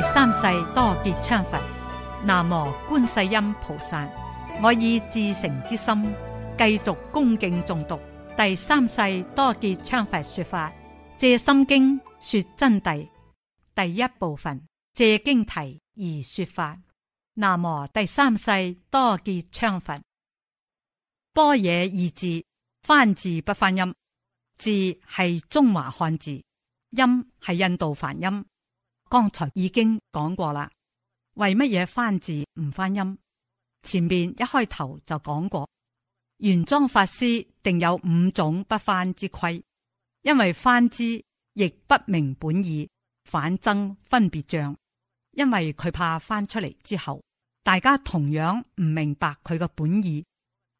第三世多杰羌佛，南無觀世音菩薩。我以至誠之心，繼續恭敬誦讀《第三世多杰羌佛》說法《借心經》說真諦第一部分《借經題》而說法。南無第三世多杰羌佛。般若二字，翻字不翻音。字係中華漢字，音係印度梵音。剛才已經講過啦，為乜嘢翻字唔翻音？前面一開頭就講過，玄奘法師定有五種不翻之規，因為翻字亦不明本意，反增分別像，因為佢怕翻出嚟之後，大家同樣唔明白佢嘅本意，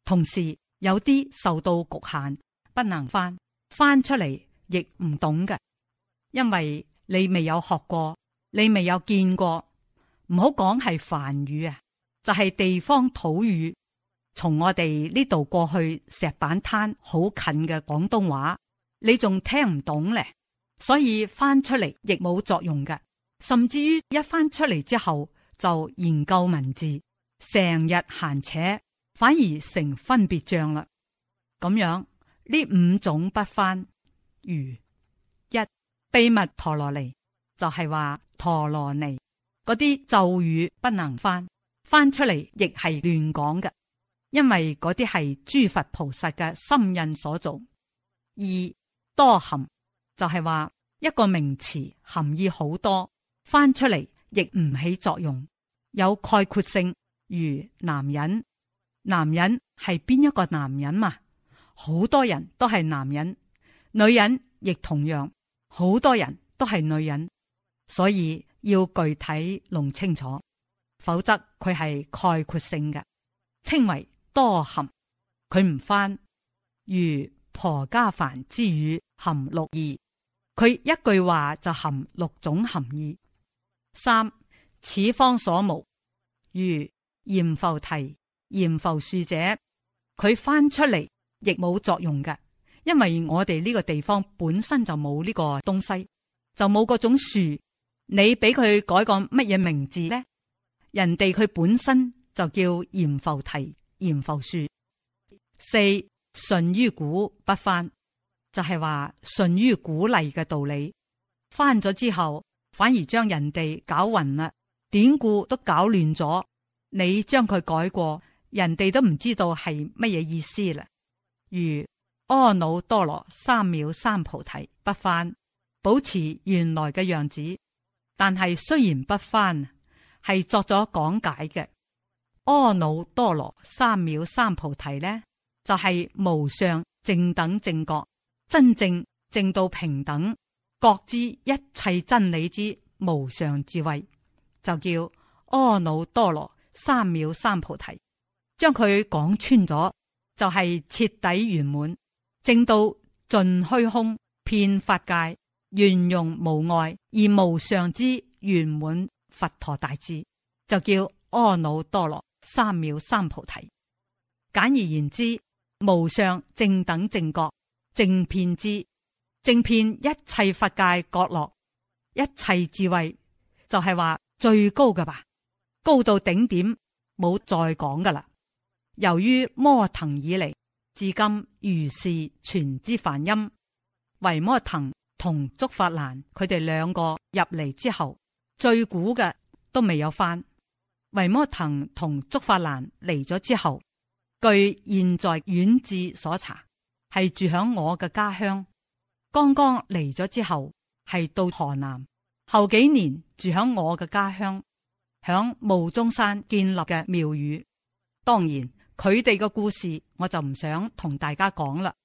同時有啲受到局限，不能翻，翻出嚟亦唔懂嘅，因為。你未有學過，你未有見過，唔好講係梵語啊，就係、是、地方土語。從我哋呢度過去石板灘好近嘅廣東話，你仲聽唔懂呢，所以翻出嚟亦冇作用嘅。甚至於一翻出嚟之後，就研究文字，成日閒扯，反而成分別障啦。咁樣呢五種不翻如。秘密陀羅尼就係話，陀羅尼嗰啲咒語不能翻，翻出嚟亦係亂講嘅，因為嗰啲係諸佛菩薩嘅心印所造。二多含就係話，一個名詞含義好多，翻出嚟亦唔起作用，有概括性，如男人，男人係邊一個男人嘛，啊？好多人都係男人，女人亦同樣。好多人都係女人，所以要具體弄清楚，否則佢係概括性嘅，稱為多含。佢唔翻，如婆家凡之語含六義，佢一句話就含六種含義。三、此方所無，如閻浮提、閻浮樹者，佢翻出嚟亦冇作用嘅。因為我哋呢個地方本身就冇呢個東西，就冇嗰種樹。你俾佢改個乜嘢名字咧？人哋佢本身就叫閻浮提、閻浮樹。四、順於古不翻，就係話順於古例嘅道理。翻咗之後，反而將人哋搞暈啦，典故都搞亂咗。你將佢改過，人哋都唔知道係乜嘢意思啦。如阿耨多羅三藐三菩提不翻，保持原來嘅樣子。但係雖然不翻，係作咗講解嘅。阿耨多羅三藐三菩提呢，就係無上正等正覺，真正正到平等，覺知一切真理之無上智慧，就叫阿耨多羅三藐三菩提。將佢講穿咗，就係徹底圓滿。正道盡虛空，遍法界，圓融無礙，而無上之圓滿佛陀大智，就叫阿耨多羅三藐三菩提。簡而言之，無上正等正覺，正遍知，正遍一切法界角落，一切智慧，就係話最高嘅吧，高到頂點，冇再講噶啦。由於摩騰以嚟，至今如是，全之梵音。維摩騰同竺法蘭，佢哋兩個入嚟之後，最古嘅都未有翻。維摩騰同竺法蘭嚟咗之後，據現在遠志所查，係住響我嘅家鄉。剛剛嚟咗之後，係到河南，後幾年住響我嘅家鄉，響霧中山建立嘅廟宇，當然。佢哋嘅故事我就唔想同大家講啦，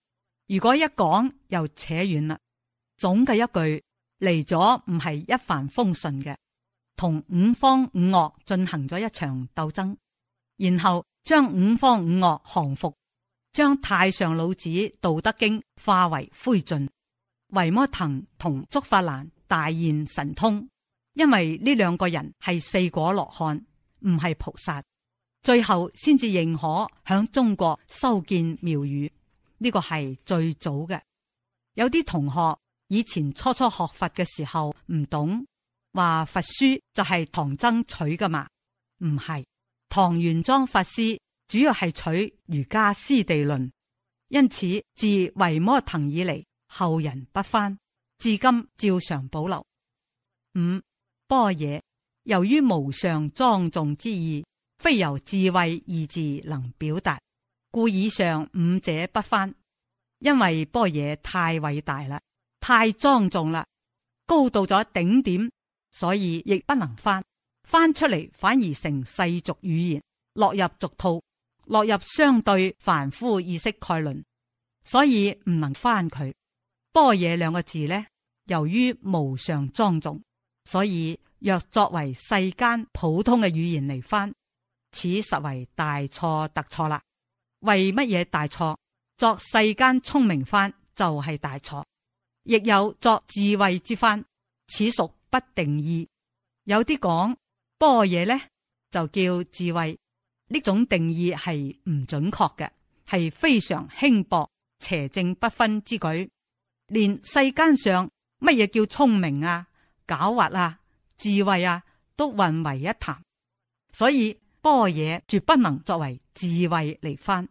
如果一講又扯遠啦。總嘅一句，嚟咗唔係一帆風順嘅，同五方五岳進行咗一場鬥爭，然後將五方五岳降服，將太上老子《道德經》化為灰燼。維摩騰同竺法蘭大現神通，因為呢兩個人係四果羅漢，唔係菩薩。最後先至認可響中國修建廟宇，呢個係最早嘅。有啲同學以前初初學佛嘅時候唔懂，話佛書就係唐僧取噶嘛？唔係，唐玄奘法師主要係取《瑜伽師地論》，因此自維摩騰以嚟，後人不翻，至今照常保留。五、般若，由於無上莊重之意。非由智慧二字能表達，故以上五者不翻，因為般若太偉大啦，太莊重啦，高到咗頂點，所以亦不能翻翻出嚟，反而成世俗語言，落入俗套，落入相對凡夫意識概論，所以唔能翻佢。般若兩個字呢？由於無上莊重，所以若作為世間普通嘅語言嚟翻。此實為大錯特錯啦。為乜嘢大錯？作世間聰明翻就係、是、大錯，亦有作智慧之翻，此屬不定義。有啲講般若呢，就叫智慧，呢種定義係唔準確嘅，係非常輕薄邪正不分之舉，連世間上乜嘢叫聰明啊、狡猾啊、智慧啊都混為一談，所以。般若絕不能作為智慧嚟翻，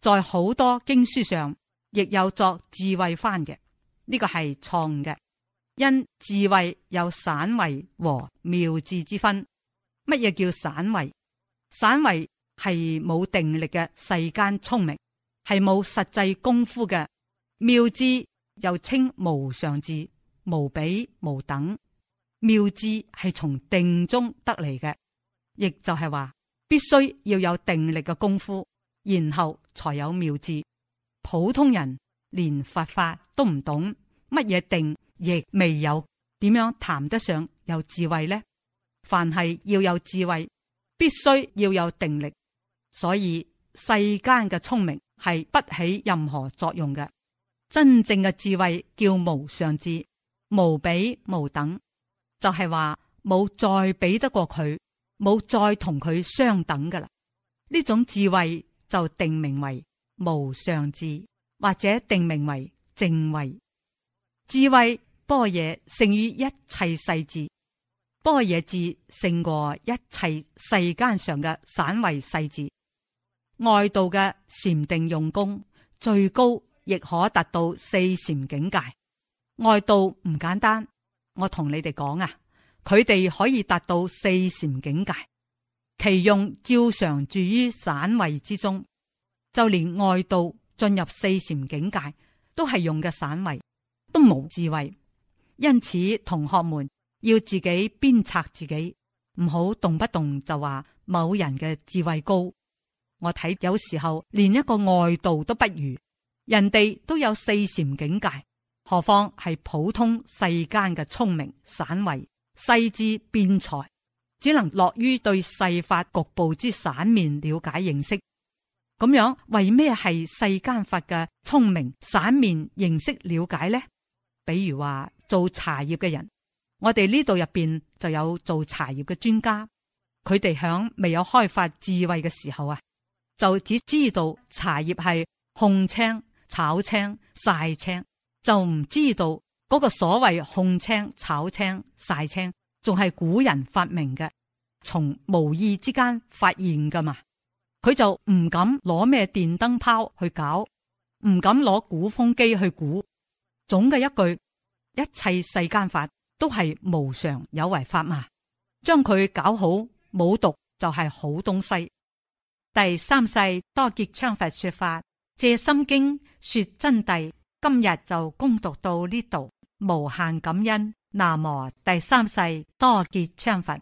在好多經書上亦有作智慧翻嘅，呢、這個係錯誤嘅。因智慧有散慧和妙智之分。乜嘢叫散慧？散慧係冇定力嘅世間聰明，係冇實際功夫嘅。妙智又稱無上智，無比無等。妙智係從定中得嚟嘅，亦就係話。必須要有定力嘅功夫，然後才有妙智。普通人連佛法都唔懂，乜嘢定亦未有，點樣談得上有智慧呢？凡係要有智慧，必須要有定力。所以世間嘅聰明係不起任何作用嘅。真正嘅智慧叫無上智，無比無等，就係話冇再比得過佢。冇再同佢相等噶啦，呢種智慧就定名為無上智，或者定名為靜慧。智慧般若勝於一切世智，般若智勝過一切世間上嘅散位世智。外道嘅禪定用功最高，亦可達到四禪境界。外道唔簡單，我同你哋講啊。佢哋可以達到四禪境界，其用照常住於散位之中。就連外道進入四禪境界，都係用嘅散位，都冇智慧。因此，同學們要自己鞭策自己，唔好動不動就話某人嘅智慧高。我睇有時候連一個外道都不如，人哋都有四禪境界，何況係普通世間嘅聰明散位。細致辯才，只能落於對世法局部之散面了解認識。咁樣為咩係世間法嘅聰明散面認識了解呢？比如話做茶葉嘅人，我哋呢度入邊就有做茶葉嘅專家，佢哋響未有開發智慧嘅時候啊，就只知道茶葉係烘青、炒青、曬青，就唔知道。嗰個所謂烘青、炒青、曬青，仲係古人發明嘅，從無意之間發現噶嘛。佢就唔敢攞咩電燈泡去搞，唔敢攞鼓風機去鼓。總嘅一句，一切世間法都係無常有為法嘛。將佢搞好冇毒就係好東西。第三世多杰羌佛說法，借心經說真諦。今日就恭讀到呢度。無限感恩，南無第三世多杰羌佛。